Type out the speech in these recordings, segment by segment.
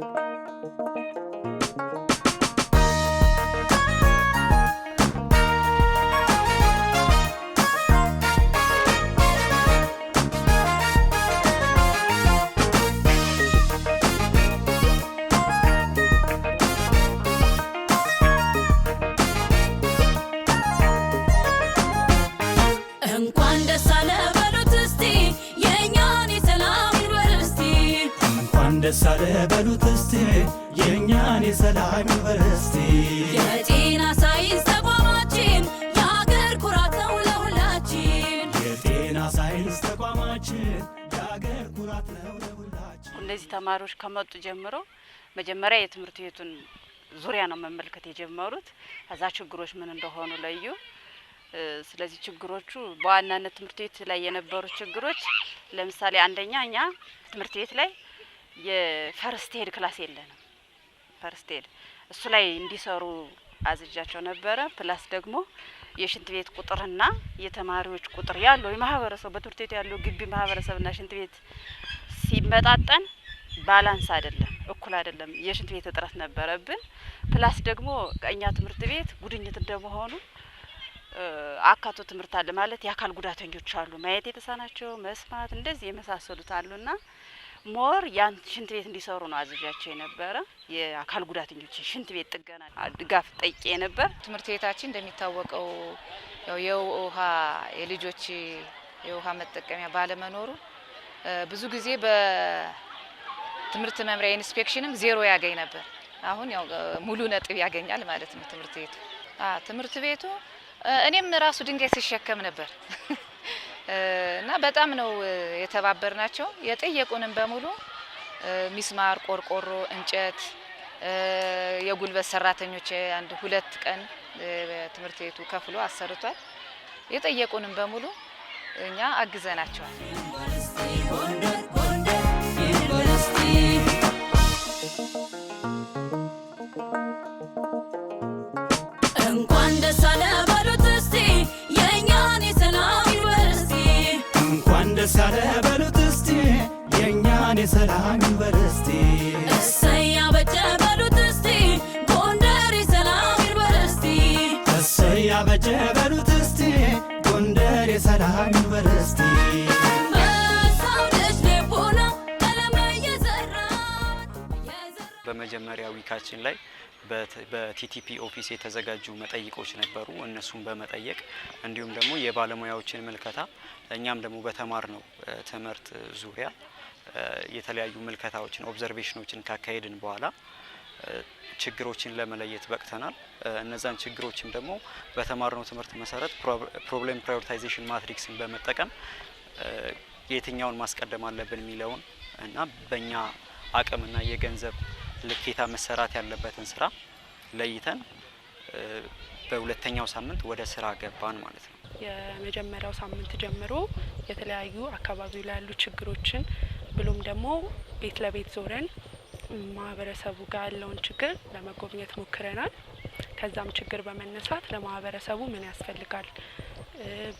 Thank you. የእኛን የሰላም ዩኒቨርስቲ የጤና ሳይንስ ተቋማችን የሀገር ኩራት ነው ለሁላችን። የጤና ሳይንስ ተቋማችን ኩራት ነው ለሁላችን። እነዚህ ተማሪዎች ከመጡ ጀምሮ መጀመሪያ የትምህርት ቤቱን ዙሪያ ነው መመልከት የጀመሩት። ከዛ ችግሮች ምን እንደሆኑ ለዩ። ስለዚህ ችግሮቹ በዋናነት ትምህርት ቤት ላይ የነበሩ ችግሮች ለምሳሌ አንደኛ እኛ ትምህርት ቤት ላይ የፈርስት ኤድ ክላስ የለንም። ፐርስቴል እሱ ላይ እንዲሰሩ አዝጃቸው ነበረ። ፕላስ ደግሞ የሽንት ቤት ቁጥርና የተማሪዎች ቁጥር ያለው የማህበረሰቡ በትምህርት ቤቱ ያለው ግቢ ማህበረሰብና ሽንት ቤት ሲመጣጠን ባላንስ አይደለም፣ እኩል አይደለም። የሽንት ቤት እጥረት ነበረብን። ፕላስ ደግሞ ቀኛ ትምህርት ቤት ጉድኝት እንደመሆኑ አካቶ ትምህርት አለ ማለት የአካል ጉዳተኞች አሉ፣ ማየት የተሳናቸው መስማት እንደዚህ የመሳሰሉት አሉና ሞር ያን ሽንት ቤት እንዲሰሩ ነው አዘዣቸው የነበረ። የአካል ጉዳተኞች ሽንት ቤት ጥገና ድጋፍ ጠይቄ ነበር። ትምህርት ቤታችን እንደሚታወቀው የውሃ የልጆች የውሃ መጠቀሚያ ባለመኖሩ ብዙ ጊዜ በትምህርት መምሪያ ኢንስፔክሽንም ዜሮ ያገኝ ነበር። አሁን ያው ሙሉ ነጥብ ያገኛል ማለት ነው ትምህርት ቤቱ ትምህርት ቤቱ እኔም ራሱ ድንጋይ ሲሸከም ነበር እና በጣም ነው የተባበር ናቸው። የጠየቁንም በሙሉ ሚስማር፣ ቆርቆሮ፣ እንጨት፣ የጉልበት ሰራተኞች አንድ ሁለት ቀን ትምህርት ቤቱ ከፍሎ አሰርቷል። የጠየቁንም በሙሉ እኛ አግዘናቸዋል። በመጀመሪያ ዊካችን ላይ በቲቲፒ ኦፊስ የተዘጋጁ መጠይቆች ነበሩ። እነሱን በመጠየቅ እንዲሁም ደግሞ የባለሙያዎችን ምልከታ እኛም ደግሞ በተማር ነው ትምህርት ዙሪያ የተለያዩ ምልከታዎችን ኦብዘርቬሽኖችን ካካሄድን በኋላ ችግሮችን ለመለየት በቅተናል። እነዛን ችግሮችም ደግሞ በተማርነው ትምህርት መሰረት ፕሮብሌም ፕራዮሪታይዜሽን ማትሪክስን በመጠቀም የትኛውን ማስቀደም አለብን የሚለውን እና በእኛ አቅምና የገንዘብ ልኬታ መሰራት ያለበትን ስራ ለይተን በሁለተኛው ሳምንት ወደ ስራ ገባን ማለት ነው። የመጀመሪያው ሳምንት ጀምሮ የተለያዩ አካባቢው ላይ ያሉ ችግሮችን ብሎም ደግሞ ቤት ለቤት ዞረን ማህበረሰቡ ጋር ያለውን ችግር ለመጎብኘት ሞክረናል። ከዛም ችግር በመነሳት ለማህበረሰቡ ምን ያስፈልጋል፣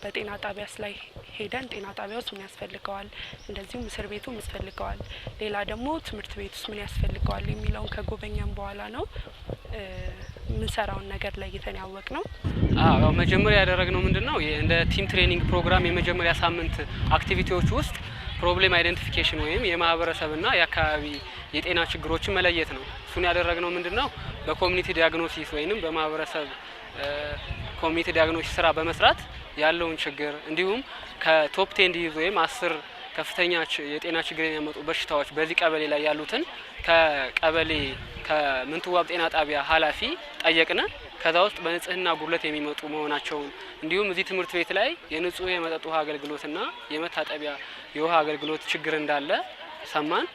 በጤና ጣቢያስ ላይ ሄደን ጤና ጣቢያ ውስጥ ምን ያስፈልገዋል፣ እንደዚሁም እስር ቤቱ ምን ያስፈልገዋል፣ ሌላ ደግሞ ትምህርት ቤት ውስጥ ምን ያስፈልገዋል የሚለውን ከጎበኛም በኋላ ነው የምንሰራውን ነገር ለይተን ያወቅ ነው። አዎ መጀመሪያ ያደረግነው ምንድን ነው እንደ ቲም ትሬኒንግ ፕሮግራም የመጀመሪያ ሳምንት አክቲቪቲዎች ውስጥ ፕሮብሌም አይደንቲፊኬሽን ወይም የማህበረሰብና የአካባቢ የጤና ችግሮችን መለየት ነው። እሱን ያደረግነው ምንድን ነው በኮሚኒቲ ዲያግኖሲስ ወይም በማህበረሰብ ኮሚኒቲ ዲያግኖሲስ ስራ በመስራት ያለውን ችግር እንዲሁም ከቶፕ ቴን ዲዚዝ ወይም አስር ከፍተኛ የጤና ችግር የሚያመጡ በሽታዎች በዚህ ቀበሌ ላይ ያሉትን ከቀበሌ ከምንትዋብ ጤና ጣቢያ ኃላፊ ጠየቅነ። ከዛ ውስጥ በንጽህና ጉድለት የሚመጡ መሆናቸውን እንዲሁም እዚህ ትምህርት ቤት ላይ የንጹህ የመጠጥ ውሃ አገልግሎትና የመታጠቢያ የውሃ አገልግሎት ችግር እንዳለ ሰማን።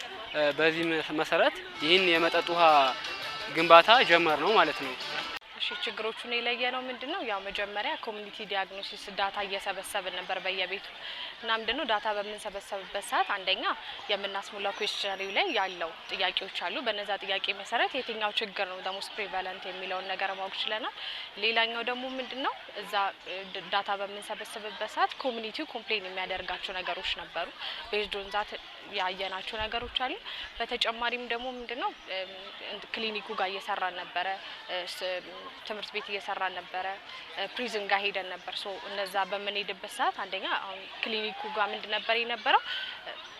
በዚህ መሰረት ይህን የመጠጥ ውሃ ግንባታ ጀመር ነው ማለት ነው። እሺ ችግሮቹን የለየነው ምንድን ነው? ያው መጀመሪያ ኮሚኒቲ ዲያግኖሲስ ዳታ እየሰበሰብን ነበር በየቤቱ እና ምንድን ነው ዳታ በምንሰበሰብበት ሰዓት አንደኛ የምናስሙላ ኩዌስቸነሪው ላይ ያለው ጥያቄዎች አሉ። በነዛ ጥያቄ መሰረት የትኛው ችግር ነው ደሞስ ፕሪቫለንት የሚለውን ነገር ማወቅ ችለናል። ሌላኛው ደግሞ ምንድን ነው እዛ ዳታ በምንሰበስብበት ሰዓት ኮሚኒቲው ኮምፕሌን የሚያደርጋቸው ነገሮች ነበሩ። ቤዝዶን ዛት ያየናቸው ነገሮች አሉ። በተጨማሪም ደግሞ ምንድን ነው ክሊኒኩ ጋር እየሰራን ነበረ ትምህርት ቤት እየሰራን ነበረ። ፕሪዝን ጋር ሄደን ነበር። ሶ እነዛ በምንሄድበት ሰዓት አንደኛ አሁን ክሊኒኩ ጋር ምንድን ነበር የነበረው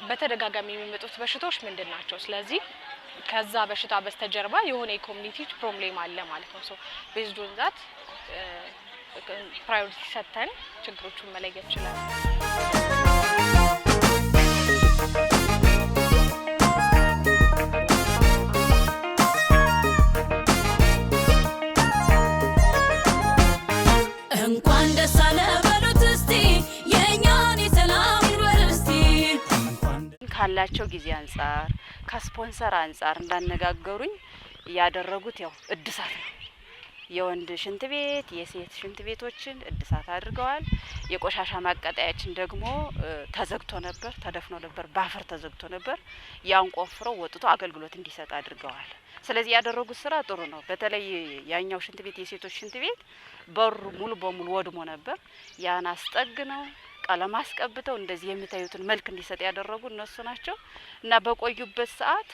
በተደጋጋሚ የሚመጡት በሽታዎች ምንድን ናቸው? ስለዚህ ከዛ በሽታ በስተጀርባ የሆነ የኮሚኒቲ ፕሮብሌም አለ ማለት ነው። ሶ ቤዝዶን ዛት ፕራዮሪቲ ሰጥተን ችግሮቹን መለየት ይችላል። ካላቸው ጊዜ አንጻር ከስፖንሰር አንጻር እንዳነጋገሩኝ ያደረጉት ያው እድሳት ነው። የወንድ ሽንት ቤት፣ የሴት ሽንት ቤቶችን እድሳት አድርገዋል። የቆሻሻ ማቃጠያችን ደግሞ ተዘግቶ ነበር፣ ተደፍኖ ነበር፣ ባፈር ተዘግቶ ነበር። ያን ቆፍረው ወጥቶ አገልግሎት እንዲሰጥ አድርገዋል። ስለዚህ ያደረጉት ስራ ጥሩ ነው። በተለይ ያኛው ሽንት ቤት፣ የሴቶች ሽንት ቤት በሩ ሙሉ በሙሉ ወድሞ ነበር። ያን አስጠግ ነው ቀለም አስቀብተው እንደዚህ የምታዩትን መልክ እንዲሰጥ ያደረጉ እነሱ ናቸው እና በቆዩበት ሰዓት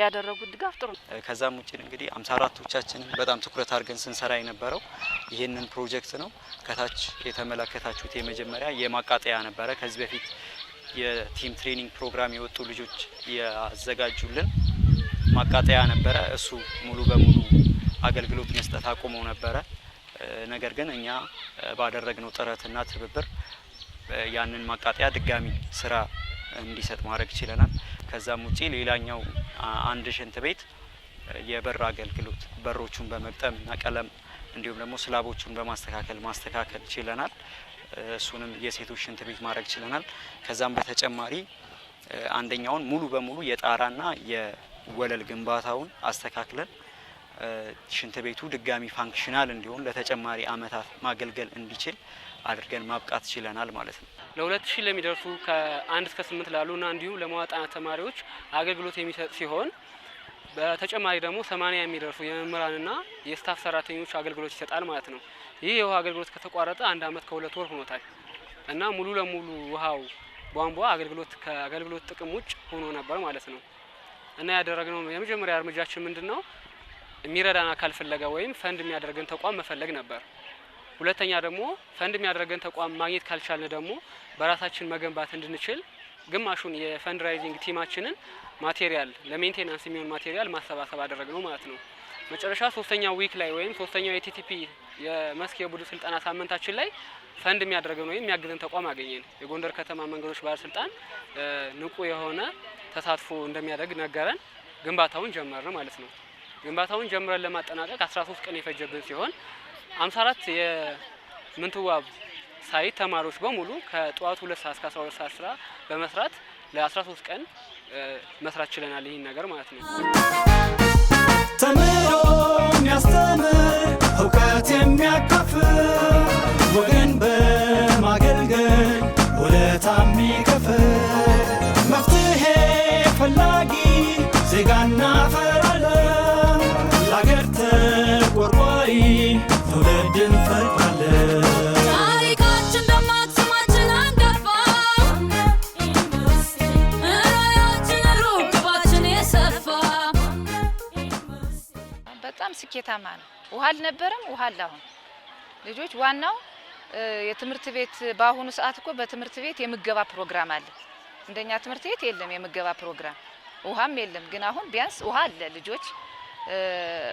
ያደረጉት ድጋፍ ጥሩ ነው። ከዛም ውጭ እንግዲህ አምሳ አራቶቻችንን በጣም ትኩረት አድርገን ስንሰራ የነበረው ይህንን ፕሮጀክት ነው። ከታች የተመለከታችሁት የመጀመሪያ የማቃጠያ ነበረ። ከዚህ በፊት የቲም ትሬኒንግ ፕሮግራም የወጡ ልጆች ያዘጋጁልን ማቃጠያ ነበረ። እሱ ሙሉ በሙሉ አገልግሎት መስጠት አቁመው ነበረ። ነገር ግን እኛ ባደረግነው ጥረትና ትብብር ያንን ማቃጠያ ድጋሚ ስራ እንዲሰጥ ማድረግ ችለናል። ከዛም ውጪ ሌላኛው አንድ ሽንት ቤት የበር አገልግሎት በሮቹን በመግጠም እና ቀለም እንዲሁም ደግሞ ስላቦቹን በማስተካከል ማስተካከል ችለናል። እሱንም የሴቶች ሽንት ቤት ማድረግ ችለናል። ከዛም በተጨማሪ አንደኛውን ሙሉ በሙሉ የጣራና የወለል ግንባታውን አስተካክለን ሽንት ቤቱ ድጋሚ ፋንክሽናል እንዲሆን ለተጨማሪ አመታት ማገልገል እንዲችል አድርገን ማብቃት ችለናል ማለት ነው። ለሁለት ሺህ ለሚደርሱ ከአንድ እስከ ስምንት ላሉና እንዲሁም ለመዋዕለ ተማሪዎች አገልግሎት የሚሰጥ ሲሆን በተጨማሪ ደግሞ ሰማንያ የሚደርሱ የመምህራንና የስታፍ ሰራተኞች አገልግሎት ይሰጣል ማለት ነው። ይህ የውሃ አገልግሎት ከተቋረጠ አንድ አመት ከሁለት ወር ሆኖታል እና ሙሉ ለሙሉ ውሃው ቧንቧ አገልግሎት ከአገልግሎት ጥቅም ውጭ ሆኖ ነበር ማለት ነው እና ያደረግነው የመጀመሪያ እርምጃችን ምንድን ነው? የሚረዳን አካል ፍለጋ ወይም ፈንድ የሚያደርገን ተቋም መፈለግ ነበር። ሁለተኛ ደግሞ ፈንድ የሚያደርገን ተቋም ማግኘት ካልቻልን ደግሞ በራሳችን መገንባት እንድንችል ግማሹን የፈንድ ራይዚንግ ቲማችንን ማቴሪያል ለሜንቴናንስ የሚሆን ማቴሪያል ማሰባሰብ አደረግ ነው ማለት ነው። መጨረሻ ሶስተኛ ዊክ ላይ ወይም ሶስተኛው የቲቲፒ የመስክ የቡድን ስልጠና ሳምንታችን ላይ ፈንድ የሚያደርገን ወይም የሚያግዘን ተቋም አገኘን። የጎንደር ከተማ መንገዶች ባለስልጣን ንቁ የሆነ ተሳትፎ እንደሚያደርግ ነገረን። ግንባታውን ጀመርን ማለት ነው። ግንባታውን ጀምረን ለማጠናቀቅ 13 ቀን የፈጀብን ሲሆን አምሳ አራት የምንትዋብ ሳይት ተማሪዎች በሙሉ ከጠዋቱ ሁለት ሰዓት እስከ አስራ ሁለት ሰዓት ስራ በመስራት ለአስራ ሶስት ቀን መስራት ችለናል። ይህን ነገር ማለት ነው። ተምሮ የሚያስተምር እውቀት የሚያካፍል ከተማ ነው። ውሃ አልነበረም፣ ውሃ አለ አሁን። ልጆች ዋናው የትምህርት ቤት በአሁኑ ሰዓት እኮ በትምህርት ቤት የምገባ ፕሮግራም አለ። እንደኛ ትምህርት ቤት የለም የምገባ ፕሮግራም፣ ውሃም የለም። ግን አሁን ቢያንስ ውሃ አለ። ልጆች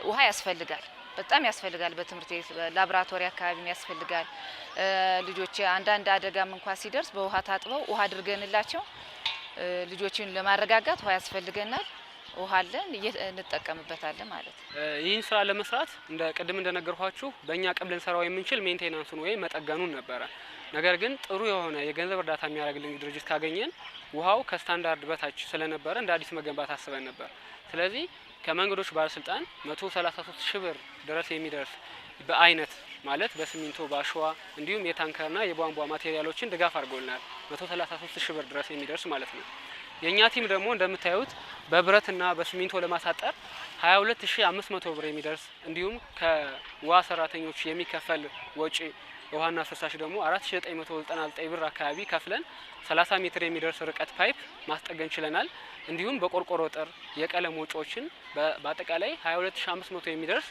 ውሃ ያስፈልጋል፣ በጣም ያስፈልጋል። በትምህርት ቤት ላብራቶሪ አካባቢም ያስፈልጋል። ልጆች አንዳንድ አደጋም እንኳ ሲደርስ በውሃ ታጥበው ውሃ አድርገንላቸው ልጆችን ለማረጋጋት ውሃ ያስፈልገናል። ውሃ አለን እንጠቀምበታለን ማለት ነው። ይህን ስራ ለመስራት እንደ ቅድም እንደነገርኳችሁ በእኛ አቅም ልንሰራው የምንችል ሜንቴናንሱን ወይም መጠገኑን ነበረ። ነገር ግን ጥሩ የሆነ የገንዘብ እርዳታ የሚያደርግልን ድርጅት ካገኘን ውሃው ከስታንዳርድ በታች ስለነበረ እንደ አዲስ መገንባት አስበን ነበር። ስለዚህ ከመንገዶች ባለስልጣን 133 ሺህ ብር ድረስ የሚደርስ በአይነት ማለት በሲሚንቶ በአሸዋ እንዲሁም የታንከርና የቧንቧ ማቴሪያሎችን ድጋፍ አድርጎልናል። 133 ሺህ ብር ድረስ የሚደርስ ማለት ነው። የእኛ ቲም ደግሞ እንደምታዩት በብረትና በሲሚንቶ ለማሳጠር 22500 ብር የሚደርስ እንዲሁም ከውሃ ሰራተኞች የሚከፈል ወጪ ውሃና ፍሳሽ ደግሞ 4999 ብር አካባቢ ከፍለን 30 ሜትር የሚደርስ ርቀት ፓይፕ ማስጠገን ችለናል። እንዲሁም በቆርቆሮ ጥር የቀለም ወጪዎችን በአጠቃላይ 22500 የሚደርስ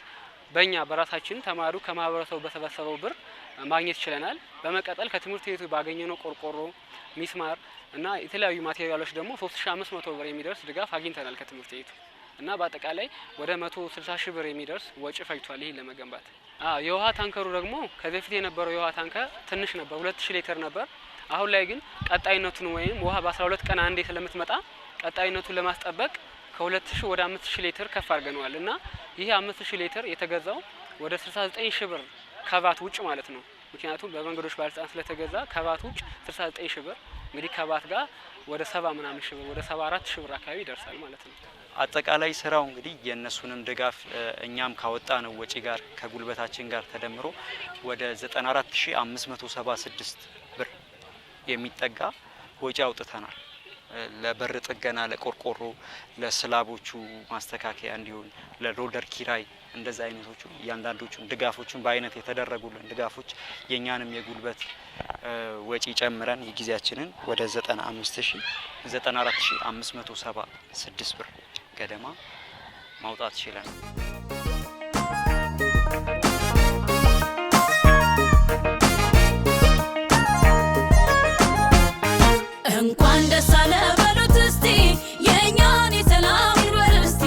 በእኛ በራሳችን ተማሪው ከማህበረሰቡ በሰበሰበው ብር ማግኘት ችለናል። በመቀጠል ከትምህርት ቤቱ ባገኘነው ቆርቆሮ፣ ሚስማር እና የተለያዩ ማቴሪያሎች ደግሞ 3500 ብር የሚደርስ ድጋፍ አግኝተናል ከትምህርት ቤቱ እና በአጠቃላይ ወደ 160 ሺህ ብር የሚደርስ ወጪ ፈጅቷል ይህን ለመገንባት። የውሃ ታንከሩ ደግሞ ከዚህ በፊት የነበረው የውሃ ታንከር ትንሽ ነበር፣ 2000 ሊትር ነበር። አሁን ላይ ግን ቀጣይነቱን ወይም ውሃ በ12 ቀን አንዴ ስለምትመጣ ቀጣይነቱን ለማስጠበቅ ከ2000 ወደ 5000 ሊትር ከፍ አድርገነዋል እና ይህ 5000 ሊትር የተገዛው ወደ 69 ሺህ ብር ከቫት ውጭ ማለት ነው። ምክንያቱም በመንገዶች ባለስልጣን ስለተገዛ ከቫት ውጭ 69 ሺህ ብር እንግዲህ ከቫት ጋር ወደ 70 ምናምን ሺህ ብር ወደ 74 ሺህ ብር አካባቢ ይደርሳል ማለት ነው። አጠቃላይ ስራው እንግዲህ የእነሱንም ድጋፍ እኛም ካወጣ ነው ወጪ ጋር ከጉልበታችን ጋር ተደምሮ ወደ 94576 ብር የሚጠጋ ወጪ አውጥተናል። ለበር ጥገና፣ ለቆርቆሮ፣ ለስላቦቹ ማስተካከያ እንዲሆን ለሎደር ኪራይ እንደዛ አይነቶቹ እያንዳንዶቹን ድጋፎቹን በአይነት የተደረጉልን ድጋፎች የእኛንም የጉልበት ወጪ ጨምረን የጊዜያችንን ወደ 9494576 ብር ገደማ ማውጣት ችለናል። እንኳን ደስ አለ በሉት እስቲ የእኛን የሰላም ዩኒቨርሲቲ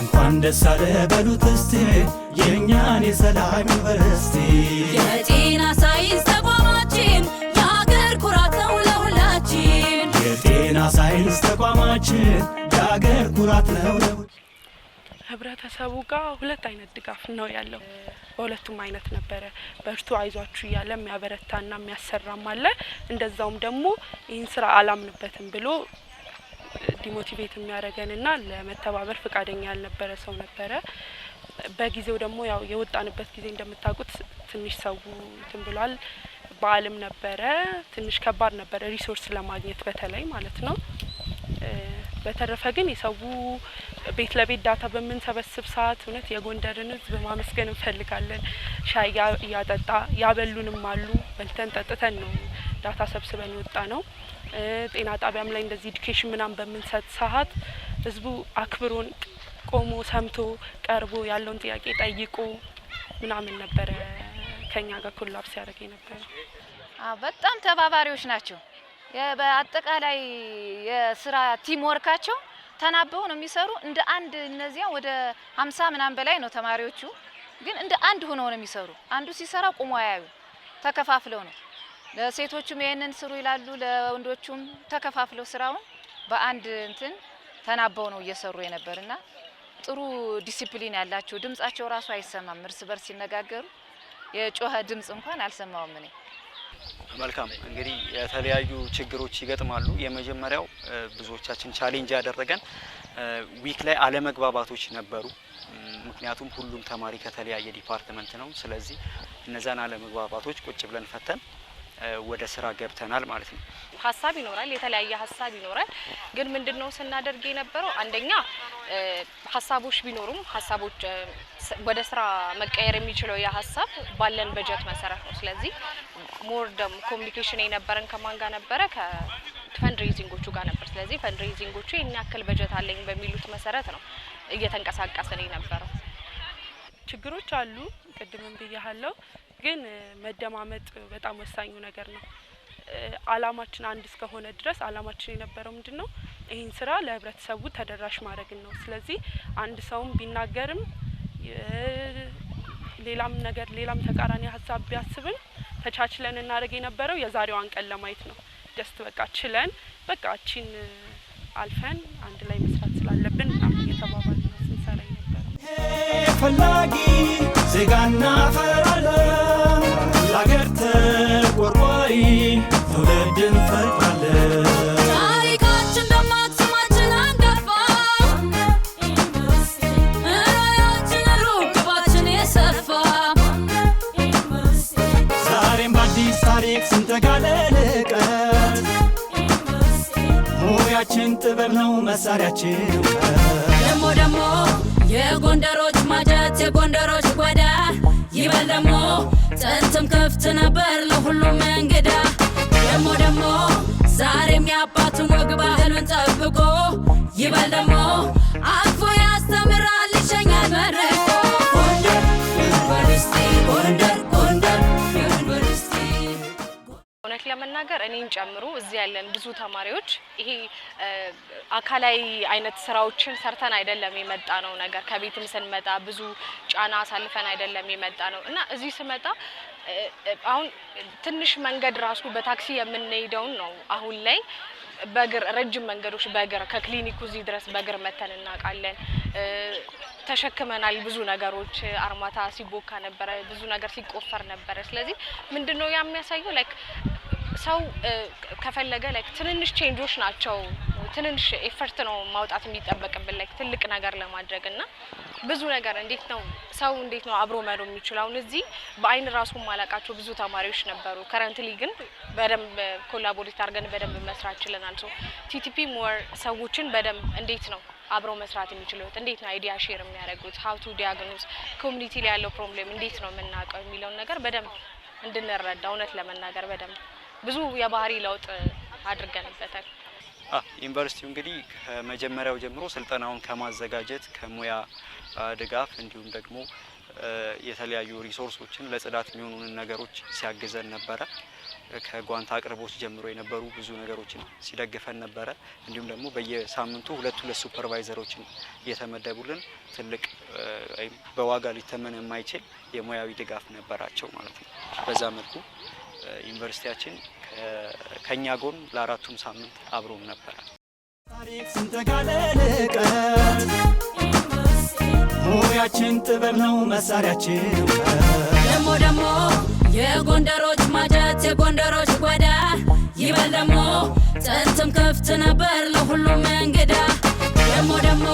እንኳን ደስ አለ በሉት እስቲ የእኛን የሰላም ዩኒቨርሲቲ የጤና ሳይንስ ተቋማችን የሀገር ኩራት ነው ለሁላችን የጤና ሳይንስ ተቋማችን የሀገር ኩራት ነው ህብረተሰቡ ጋር ሁለት አይነት ድጋፍ ነው ያለው። በሁለቱም አይነት ነበረ። በርቱ አይዟችሁ እያለ የሚያበረታና የሚያሰራም አለ። እንደዛውም ደግሞ ይህን ስራ አላምንበትም ብሎ ዲሞቲቬት የሚያደርገንና ለመተባበር ፈቃደኛ ያልነበረ ሰው ነበረ። በጊዜው ደግሞ ያው የወጣንበት ጊዜ እንደምታውቁት ትንሽ ሰው እንትን ብሏል። በዓልም ነበረ። ትንሽ ከባድ ነበረ ሪሶርስ ለማግኘት በተለይ ማለት ነው። በተረፈ ግን የሰው ቤት ለቤት ዳታ በምንሰበስብ ሰዓት እውነት የጎንደርን ሕዝብ ማመስገን እንፈልጋለን። ሻይ እያጠጣ ያበሉንም አሉ። በልተን ጠጥተን ነው ዳታ ሰብስበን ወጣ ነው። ጤና ጣቢያም ላይ እንደዚህ ኢዱኬሽን ምናምን በምንሰጥ ሰዓት ህዝቡ አክብሮን ቆሞ ሰምቶ ቀርቦ ያለውን ጥያቄ ጠይቆ ምናምን ነበረ ከኛ ጋር ኮላብስ ያደረገ ነበረ። በጣም ተባባሪዎች ናቸው። በአጠቃላይ የስራ ቲም ወርካቸው ተናበው ነው የሚሰሩ። እንደ አንድ እነዚያ ወደ ሀምሳ ምናምን በላይ ነው ተማሪዎቹ፣ ግን እንደ አንድ ሆነው ነው የሚሰሩ። አንዱ ሲሰራ ቁሞ ያዩ ተከፋፍለው ነው። ለሴቶቹም ይህንን ስሩ ይላሉ፣ ለወንዶቹም ተከፋፍለው ስራውን በአንድ እንትን ተናበው ነው እየሰሩ የነበርና ጥሩ ዲሲፕሊን ያላቸው ድምጻቸው ራሱ አይሰማም። እርስ በርስ ሲነጋገሩ የጮኸ ድምጽ እንኳን አልሰማውም እኔ መልካም እንግዲህ የተለያዩ ችግሮች ይገጥማሉ። የመጀመሪያው ብዙዎቻችን ቻሌንጅ ያደረገን ዊክ ላይ አለመግባባቶች ነበሩ። ምክንያቱም ሁሉም ተማሪ ከተለያየ ዲፓርትመንት ነው። ስለዚህ እነዛን አለመግባባቶች ቁጭ ብለን ፈተን ወደ ስራ ገብተናል ማለት ነው። ሀሳብ ይኖራል፣ የተለያየ ሀሳብ ይኖራል። ግን ምንድን ነው ስናደርግ የነበረው አንደኛ ሀሳቦች ቢኖሩም ሀሳቦች ወደ ስራ መቀየር የሚችለው ያ ሀሳብ ባለን በጀት መሰረት ነው። ስለዚህ ሞር ደም ኮሚኒኬሽን የነበረን ከማን ጋር ነበረ? ከፈንድሬዚንጎቹ ጋር ነበር። ስለዚህ ፈንድሬዚንጎቹ ይህን ያክል በጀት አለኝ በሚሉት መሰረት ነው እየተንቀሳቀስን የነበረው። ችግሮች አሉ፣ ቅድምም ብያሃለው ግን መደማመጥ በጣም ወሳኙ ነገር ነው። አላማችን አንድ እስከሆነ ድረስ አላማችን የነበረው ምንድን ነው? ይህን ስራ ለህብረተሰቡ ተደራሽ ማድረግን ነው። ስለዚህ አንድ ሰውም ቢናገርም ሌላም ነገር ሌላም ተቃራኒ ሀሳብ ቢያስብም ተቻችለን እናደርግ የነበረው የዛሬዋን ቀን ለማየት ነው። ደስት በቃ ችለን በቃ እቺን አልፈን አንድ ላይ መስራት ስላለብን ምናምን እየተባባልን ስንሰራ የነበረው ፈላጊ ዜጋ እናፈራለን ሀገር ተቆርቋሪ ትውልድን ፈጥራለን። ታሪካችን በአዲስ ታሪክ ስንተጋለን ቀት ሙያችን ጥበብ ነው መሳሪያችን ደግሞ ደግሞ የጎንደሮች ማጀት የጎንደሮች ጓዳ ይበል ደግሞ ጥንትም ክፍት ነበር ለሁሉም እንግዳ ደሞ ደሞ ዛሬም የአባቱን ወግ ባህሉን ጠብቆ ይበል ደሞ እውነት ለመናገር እኔን ጨምሮ እዚህ ያለን ብዙ ተማሪዎች ይሄ አካላዊ አይነት ስራዎችን ሰርተን አይደለም የመጣ ነው ነገር ከቤትም ስንመጣ ብዙ ጫና አሳልፈን አይደለም የመጣ ነው እና እዚህ ስመጣ አሁን ትንሽ መንገድ ራሱ በታክሲ የምንሄደውን ነው አሁን ላይ በእግር ረጅም መንገዶች በእግር ከክሊኒኩ እዚህ ድረስ በእግር መተን እናውቃለን። ተሸክመናል። ብዙ ነገሮች አርማታ ሲቦካ ነበረ፣ ብዙ ነገር ሲቆፈር ነበረ። ስለዚህ ምንድን ነው የሚያሳየው ላይክ ሰው ከፈለገ ላይክ ትንንሽ ቼንጆች ናቸው ትንንሽ ኤፈርት ነው ማውጣት የሚጠበቅብን ላይክ ትልቅ ነገር ለማድረግ እና ብዙ ነገር እንዴት ነው ሰው እንዴት ነው አብሮ መሮ የሚችል አሁን እዚህ በአይን ራሱ ማላቃቸው ብዙ ተማሪዎች ነበሩ። ከረንትሊ ግን በደንብ ኮላቦሬት አድርገን በደንብ መስራት ችለናል። ቲቲፒ ሞር ሰዎችን በደንብ እንዴት ነው አብሮ መስራት የሚችሉት እንዴት ነው አይዲያ ሼር የሚያደርጉት ሀው ቱ ዲያግኖስ ኮሚኒቲ ላይ ያለው ፕሮብሌም እንዴት ነው የምናውቀው የሚለውን ነገር በደንብ እንድንረዳ እውነት ለመናገር በደንብ ብዙ የባህሪ ለውጥ አድርገንበታል። ዩኒቨርሲቲው እንግዲህ ከመጀመሪያው ጀምሮ ስልጠናውን ከማዘጋጀት ከሙያ ድጋፍ እንዲሁም ደግሞ የተለያዩ ሪሶርሶችን ለጽዳት የሚሆኑንን ነገሮች ሲያግዘን ነበረ። ከጓንት አቅርቦት ጀምሮ የነበሩ ብዙ ነገሮችን ሲደግፈን ነበረ። እንዲሁም ደግሞ በየሳምንቱ ሁለት ሁለት ሱፐርቫይዘሮችን እየተመደቡልን ትልቅ በዋጋ ሊተመን የማይችል የሙያዊ ድጋፍ ነበራቸው ማለት ነው። በዛ መልኩ ዩኒቨርሲቲያችን ከእኛ ጎን ለአራቱም ሳምንት አብሮም ነበረ። ሙያችን ጥበብ ነው መሳሪያችን። ደግሞ ደግሞ የጎንደሮች ማጀት የጎንደሮች ጓዳ ይበል ደግሞ ጥንትም ክፍት ነበር ለሁሉም እንግዳ። ደግሞ ደግሞ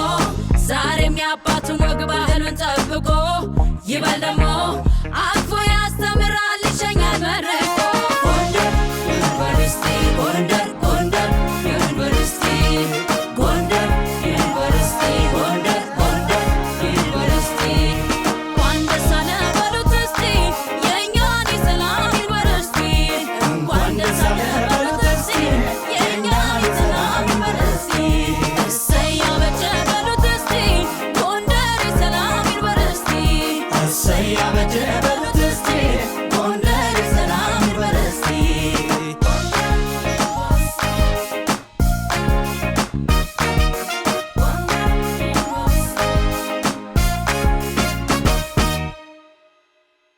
ዛሬም የአባትን ወግ ባህሉን ጠብቆ ይበል ደግሞ አፎ ያስተምራል ይሸኛል መድረክ stay or die.